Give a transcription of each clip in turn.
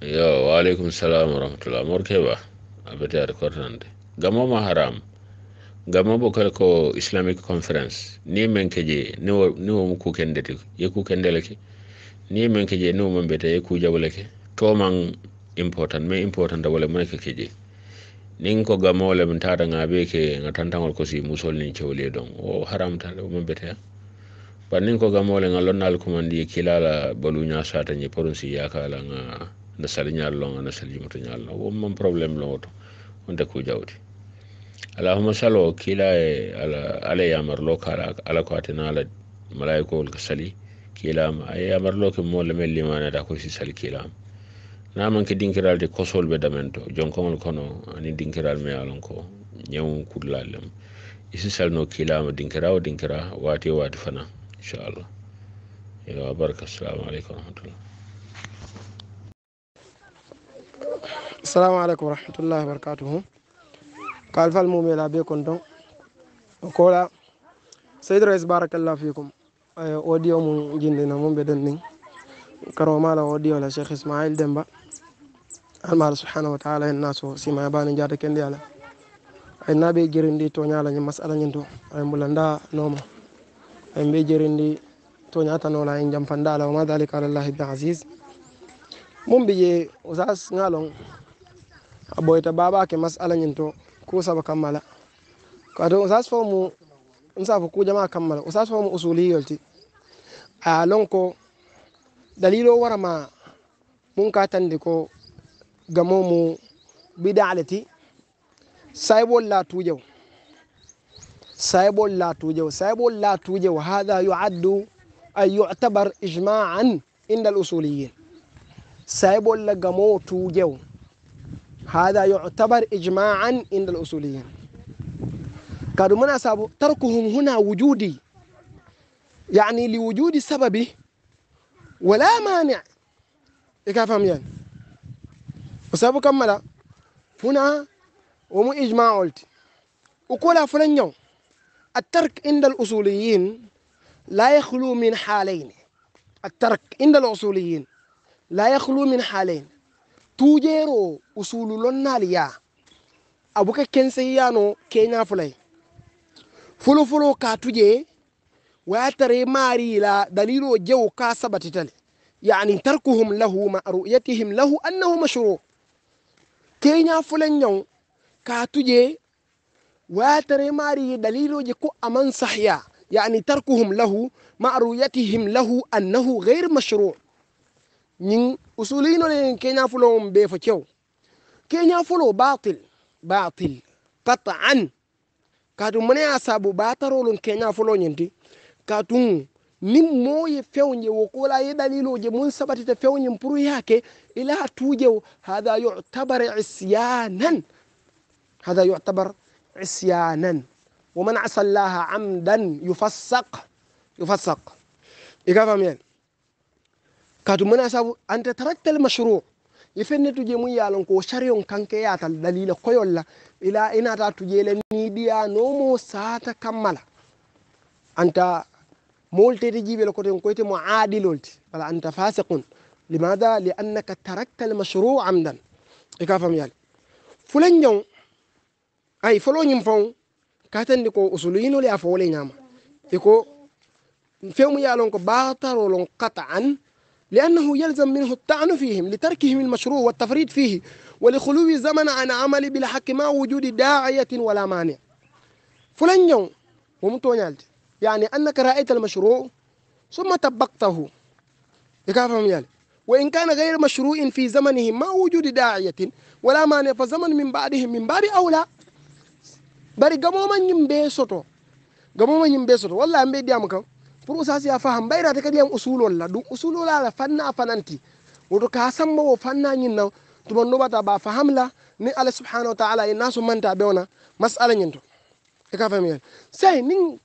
yo waaleykum salam warahmatullah mor keɓa abetare kortande gamoma haram gamabo kala ko islamic conference ni men keje ni womo kukendeti ye kukendele ni men keje ni womo mbiyete ye kujabole toman important mais important wala moy ke keje nin ko gamole min tata ngaɓe ke ga tantagol ko si musol ni cewli don o haram tan womo mbiyetea bar nin ko gamole ga lonnal kumandi kilala baluña satañi porum si yakala ga no sali ñal longa no sali jumuto ñal longa wo man probléme longoto wonde ku jawdi allahuma salo kila e ala ala yamarlo kala ala ko atena ala malaikowol ka sali kilama a yamarlo ke molle men limanata ko si sali kilama namanke dinkiral de kosol ɓe damen to jonkongol kono ani dinkiral me alon ko ñawu kudlal lem isi salno kilama dinkira o dinkira wati wati fana inchallah yo barka assalamu aleykum warahmatullah السلام عليكم ورحمة الله وبركاته قال فالمومي لا بيكون دون وقال سيد رئيس بارك الله فيكم أوديو من جندنا من بدن كرو مالا أوديو لشيخ إسماعيل دنبا المال سبحانه وتعالى الناس سيما يبان جاد كندي على النبي جرندي تونيا على مسألة نتو أمبلندا نوما أمبي جرندي تونيا تنولا إن جنفندا وما ذلك على الله العزيز mum be je usas ngalon a ɓoyta baɓake masala ñin to ku saba kammala kato o sas fomu n safo kujama kammala o sas fomu usuliyol ti a lon ko dalilo warama mun ka tandi ko gamo mu bidale ti saybol la tujew saybol la tujew saybol la tujew hada yuaddu an yutabar ijmaan indal usuliyin saybol la gamo tujew هذا يعتبر إجماعا عند الأصوليين قالوا مناسب تركهم هنا وجودي يعني لوجود سببه ولا مانع يكافهم إيه يعني وسبب كملا هنا ومو إجماع قلت وقول فلان يوم الترك عند الأصوليين لا يخلو من حالين الترك عند الأصوليين لا يخلو من حالين tujeero o usulu lonnaali yaa abuka kenseyiyaano keñafulay fulofulo ka tuje wayatare maari la dalilo jewo ka sabatitale yani tarkuhum lahu ma ruyatihim lahu annahu mashro keñafulan ñaw ka tuje wayatare maari daliloje ko aman sahya yani tarkuhum lahu ma ruyatihim lahu annahu gayre mashro ñin usulino le kenya fulo be fo cew kenya fulo batil batil qat'an kadu mane asabu batarolon kenya fulo nyindi kadu ni moye fewnye wokola ye daliloje mun sabatita fewnye mpuru yake ila tuje hadha yu'tabar isyanan hadha yu'tabar isyanan ومن عصى الله عمدا يفسق يفسق إيه فهمين kaatu mena sabu ante taractel machro ife ne tuje mum yalon ko sarion kanke yatal dalila koyolla ila inata tujele ni ɗiya nomo sata kammala anta moltede jiɓele koten koyte mo aɗilolte wala anta fasikun limada li annaka taractal machro amdan e ka fam yale fulen jon ay foloñum fon katandi ko usuluyinole a fowole ñama eko fewmu yalon ko batarolon kata an لأنه يلزم منه الطعن فيهم لتركهم المشروع والتفريط فيه ولخلو زمن عن عمل بلا حق وجود داعية ولا مانع فلان يوم ومتونيالتي يعني أنك رأيت المشروع ثم طبقته وإن كان غير مشروع في زمنه ما وجود داعية ولا مانع فزمن من بعدهم من بعد أولى bari gamo man yimɓe soto والله man ديامكم pour osasi a faham ɓayrate kadiyam usulolla ɗum usulolala fanna a fananti woto ka samba wo fanna ñinna tuma noɓata ba fahamla ni allah subhanahu wa taala ina somanta ɓewna masala ñinto e ka famiyen sey nin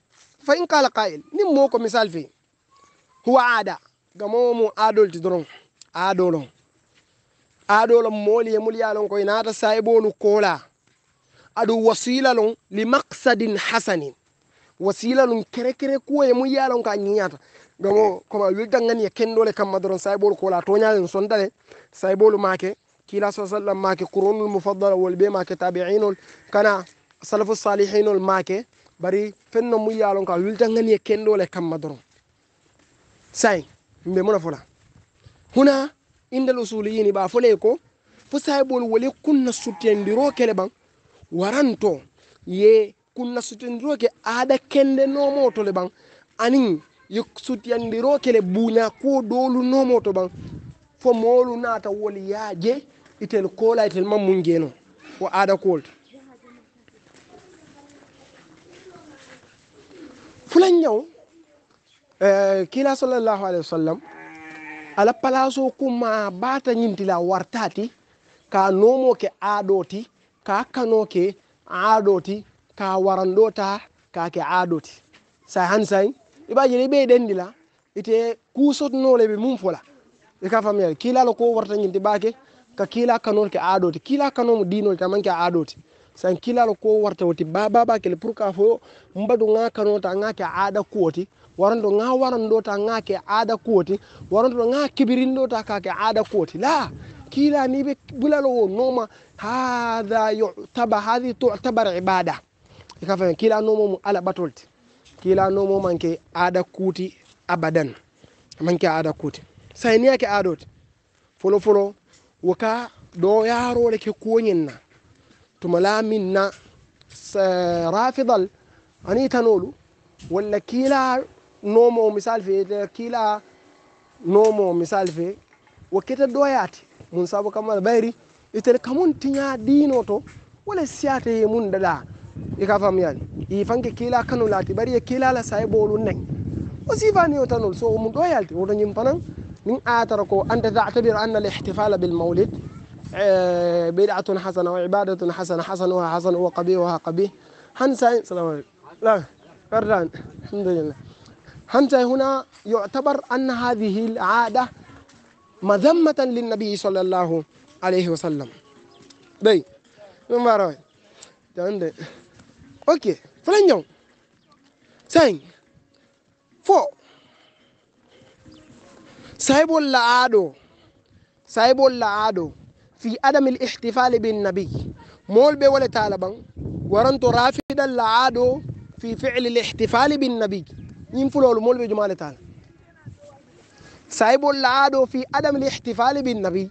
fa in kala qail nin mo ko misal fe huwa aada gamowo mum aadolti doron aadolo aadolo mooliye mulyalon koy naata sa e ɓolu koola aɗum wasila lon li maqsadin hasanin wasila lum kere kere kuoye mu yalon ka ñiñata gamo koma wirdagani e kendole kamma doron sayɓolo kola toñaen sondale sayɓolo make kila sa sallam make couronul mofaddala wol ɓe make tabiinol kana salafu salihinol make bari fenno mu yalon ka wirdagani e kendole kamma doron say mbe mona fola huna indal usuliyini ɓa fole ko fo sayɓolo wole kunna sutten ndiro kele ɓan waranto ye kunna sutindiroke aɗa kende nomotole ɓan anin yo sutiyandirokele buña ko dolu nomoto ɓan fo molu nata wol yaje itel kola itel mammungeno o aɗa kolta fulan ñaw eh, kila sallallahu alayhi wa sallam ala palaso kuma bata ñintila wartati ka nomoke aɗoti ka kanoke aɗoti ta waranɗo ta kake aadoti say han say ɓibaji ɗe ɓey ɗenɗila ite kusotnoleɓe mum fola ɓe ka famiyare kiilala ko warta ginti ɓake ka kiila kanol ke aadoti kiila kanomo dinol tama ke aadoti san kiilala ko warta woti bababa kele pour qua fo mbadu ga kanota ga ke aada kuwoti waranto ga waranɗota ga ke aada kuwoti waranto ga kibirinɗota kake aada kuwoti la kiilani ɓe ɓulalowo noma hada yutaba hadi tutabar ibada e kafa men kiilanomomum ala ɓatolte kiilanomo manke aada kuuti abadan manke aada kuuti sae niyake aadote folo folo woka ɗo yarole ke koñinna tuma laminna rafidal ani tanolu walla kiila nomo misal fe kiila nomo misal fe wo kete doyaate mum sabu kamala ɓayri itere kamum tiña ɗino to wala siyate mum daɗa ika famiyani ifanke kila kanu lati bari kila la sai bolun nan وسيفاني وتنول سو من دويالتي ودن يمبنن من آتركو أنت تعتبر أن الاحتفال بالمولد آه، بدعة حسنة وعبادة حسنة حسنها حسن وقبيحها قبيح هنسى السلام عليكم لا فردان الحمد لله هنسى هنا يعتبر أن هذه العادة مذمة للنبي صلى الله عليه وسلم دي من باروي ok fa lañ ñëw cinq four saahibol la'aaɗo saahibol la'aaɗo fi adami l ihtifali binnabi mool ɓe wole taala ɓan waranto rafiɗal la'aaɗo fi fili l ihtifali binnabi ñin fulolu mool ɓe jumale taala saahibol la'aaɗo fi adami l ihtifali binnabi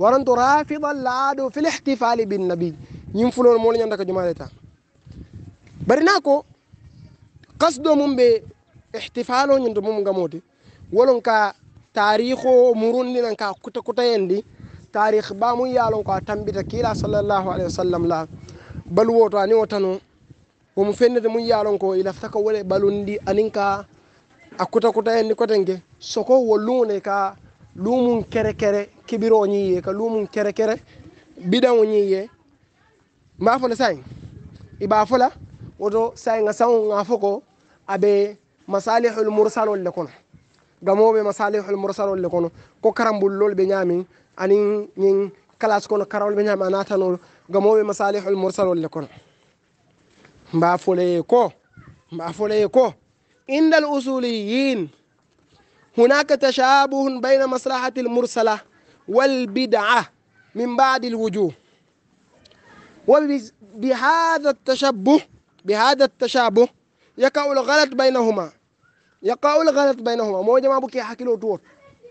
waranto rafiɗal la'aaɗo fi l ihtifali binnabi ñin fulolu mool ñandaka jumale taala bari na ko kasdo mum ɓe ihtifalo ñinto mum gamode wolon ka tarikh o murundi nan ka kuta kuta yen di tarikh bamum yalon ko a tambita kila sallllahu alayhi wa sallam la baluwo to ani o tano womo fennete mum yalon ko ilaftaka wole balundi anin ka a kuta kuta yen di kotenge soko wo lune ka lumum kere kere kibiro ñiye ka lumum kere kere biɗan o ñiye mbafola sayi i ɓafola ودو ساينغا ساو نافوكو ابي مصالح المرسل ولكون غامو بي مصالح المرسل ولكون كو كرامبول لول بي نيامي اني نين كلاس كون كارول بي نيامي اناتانو غامو بي مصالح المرسل ولكون مبا فولي كو مبا فولي كو عند الاصوليين هناك تشابه بين مصلحة المرسلة والبدعة من بعد الوجوه وبهذا التشبه bi hada tachabuh yakaul galat baynahuma yakaul galat baynahuma mojama buke hakilo tuwot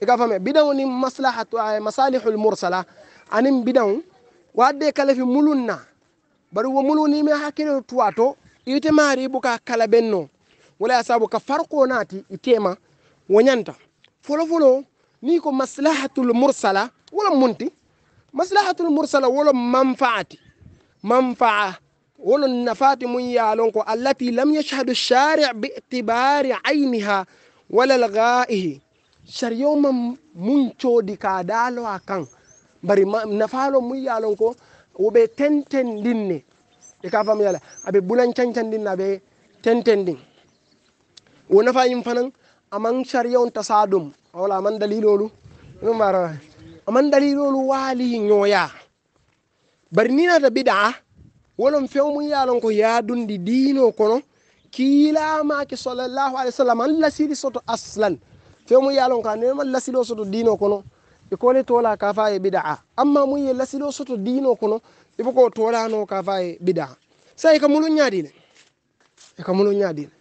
ega fame bidaw ni maslahatu ay masalihu almursala anim bidaw wadde kalafi mulunna bari wo muluni me hakilo tuwato ite mari buka kala benno wala asabu ka farqo nati itema wonyanta folo folo ni ko maslahatul mursala wala munti maslahatul mursala wala manfaati manfaa wolon nafati mun yalon ko allati lam yashhadu shari' bi itibari ainiha wala laga'ihi shari'o man mun codi ka dalo akan bari nafalo mun yalon ko obe tenten dinne e ka fam yala abe bulan cancan din abe tenten din wo nafa yin fanan aman shari'o tasadum wala man dalilolu no mara aman dalilolu wali nyoya bari ni da bid'a wolon fewmum yaalon ko yaadunɗi diino kono kiilamaake sallllahu alih w sallam an lasiri soto aslan fewmum yaalon ko anema lasiɗo soto diino kono e kole tola ka fa e bidaa amma mum ye lasiɗo soto diino kono ifo e ko tolano ka fa e bidaa say ka mulun ñaadile e ka mulun ñaadile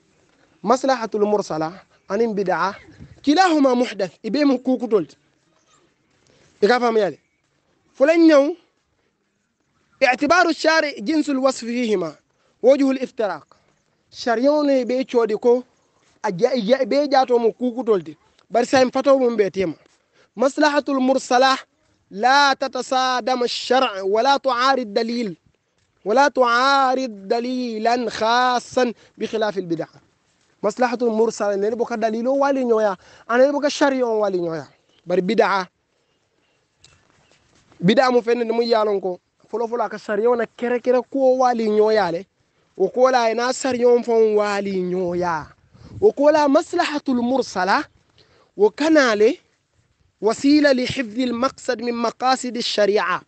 maslahatul mursala anin bidaa kilahuma muhdath e ɓe mum kukutolde e ka famayade fulan ñaw اعتبار الشارع جنس الوصف فيهما وجه الافتراق شريون بيتشودي اجا أجي بيجاتو مكوكو تولدي برسايم فتو من بيتيما مصلحة المرسلة لا تتصادم الشرع ولا تعارض دليل ولا تعارض دليلا خاصا بخلاف البدع مصلحة المرسلة نري بوكا دليلو والي نويا أنا بوكا شريون والي نويا بر بدعة بدعة مفنن مو يالونكو fɔlɔfɔlɔ a ka sariyaw na kɛrɛkɛrɛ ko wali ɲɔya le o ko la a ye n'a sariyaw fɔ wali ɲɔya o ko la maslahatul mursala o kana le وسيلة لحفظ المقصد من مقاصد الشريعة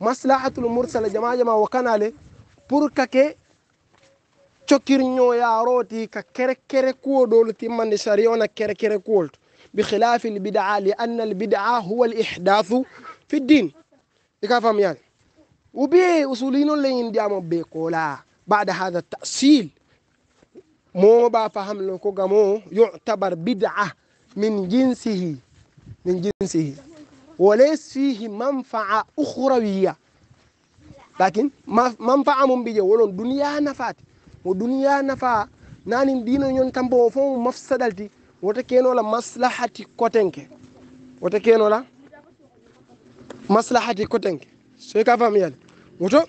مصلحة المرسلة جماعة جماعة وكان لي بركة كي تشكر نيو يا روتي ككر كر كودول تمن شريعنا كر كر كولد بخلاف البدعة لأن البدعة هو الإحداث في الدين إيه فهم يعني وبي أصولينون لين يندي أمو بيقولا بعد هذا التأصيل مو با فهم لنكو غمو يعتبر بدعة من جنسه من جنسه وليس فيه منفعة أخروية لكن منفعة من بيجي ولون دنيا نفات ودنيا نفا نانين دينو نيون تمبو فو مفسدالتي وتكينو لا مصلحتي كوتنك وتكينو لا مصلحتي كوتنك سيكا فهم يالي woto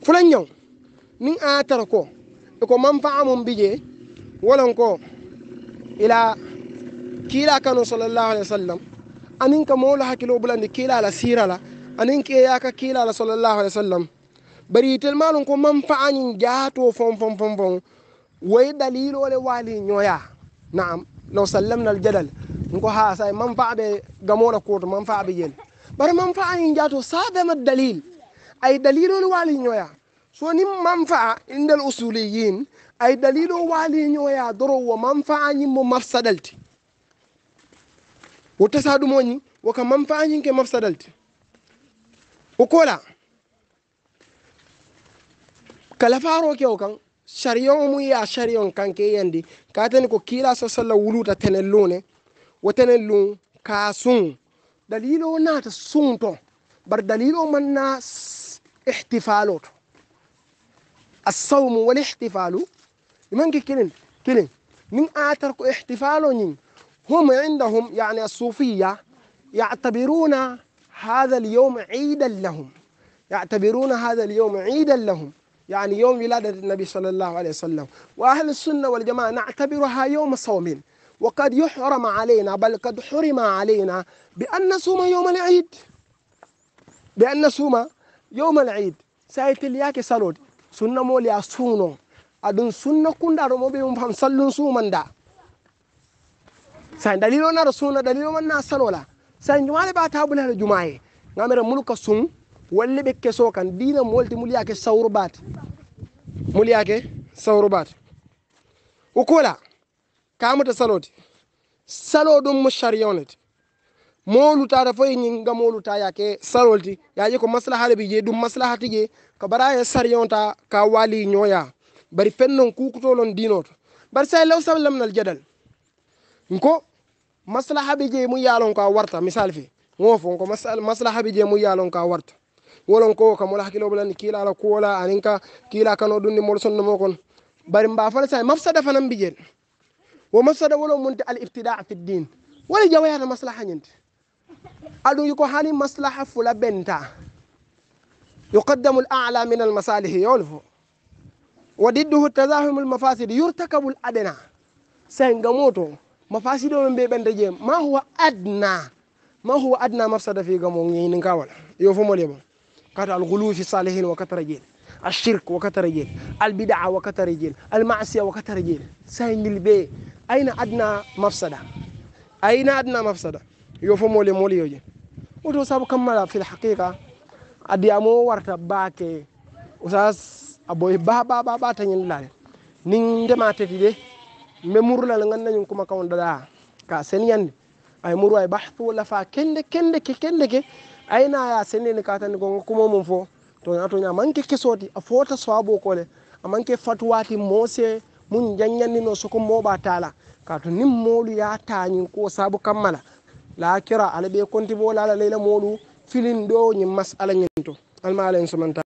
fulan ñaw min a tara ko eko manfaa mum biƴe wolon ko ila kiila kano sallallahu alayhi wa sallam anin ka mawlo hakkilo bulandi kiilala sirala anin keyaka kiilala sallallahu alayhi wa sallam bari telmalon ko manfaa ñin jaato fon fon fon fon woy dalilole waali ñoya naam law sallamnal jadal ko ha say manfaa ɓe gamola kuoto manfaa ɓe jel bara manfaa ñin jaato sabema dalil ay wali ñoya so ni manfa indal usuliyin ay dalilo ñoya doro wa manfa ñi mo mafsadalti wo wo ka manfa ñi ke mafsadalti o kola kala faro kewo kan shariyon mu ya shariyon kan ke yandi tani ko kila sallu wuluta tenen lune wo tenen lun ka sun dalilo nata sunto bar dalilo man na احتفالات الصوم والاحتفال من كلين كلين من آترك احتفالهم هم عندهم يعني الصوفية يعتبرون هذا اليوم عيدا لهم يعتبرون هذا اليوم عيدا لهم يعني يوم ولادة النبي صلى الله عليه وسلم وأهل السنة والجماعة نعتبرها يوم صوم وقد يحرم علينا بل قد حرم علينا بأن نصوم يوم العيد بأن نصوم yowmal id saye telliyake salode sunna moli a suuno aɗum sunna kundaɗo moɓe um fam sallum sumanda sa dalilo naɗa suuna dalilo manna salola say jumaɗe ɓa tabule hano jumaye gamere mulka sum walle ɓe keso kan dina molti muliyake sawru bate muliyake sawru bate o kola kamuta salode salo ɗum mo sharionete molutaata fo e ga moluta yake sarolti yaƴe ko maslahale ɓi je ɗum maslahati je ko mbaɗa hen sarionta ka waali ñoya bari pennon kukutolon dinoto bari sa law sam lamnal jadal ko maslaha ɓi je mum yalon ko a warta misal fe ofo ko maslaha ɓi je mum yalon ko a warta wolon ko kamola hakkilo bolani kiilala kuwola anin ka kiila kano ɗum ni mol sonnomo kon bari mba fana sa mafsada fanan ɓijen wo mafsada wolo munde al ibtida fi din wala jawayata maslaha ñente ادو يكو هاني مصلحه فلا بنتا يقدم الاعلى من المصالح يولف وضده تزاحم المفاسد يرتكب الادنى سانغاموتو مفاسد بي بنتا جيم ما هو ادنى ما هو ادنى مفسد في غمو ني نكاول يوفو موليبو كات الغلو في صالحين وكثر جيل الشرك وكثر رجيل البدعة وكثر رجيل المعصية وكثر رجيل سهل أين أدنى مفسدة أين أدنى مفسدة yo fo moole moole yoje oto sabu kammala fil haqiqa adiyamo warta baake osas a boye ba ba ba ba tañandilade nin ndema tati de mbe murlal gandañum kuma kawon daɗa ka seniyande ay muru ay bahtu walla fa kende kende ke kende ke aynaya senene katani gonga kuma mum fo to atoña manque kesoti a fota sowabo kole a manque fatuwati moose mum jañandino soko moɓa tala kato nin moolu ya tañin ko sabu kammala laa kira ala ɓe konti bo laala layla moɗum filin ɗo ñin masalañin to almaala en somanta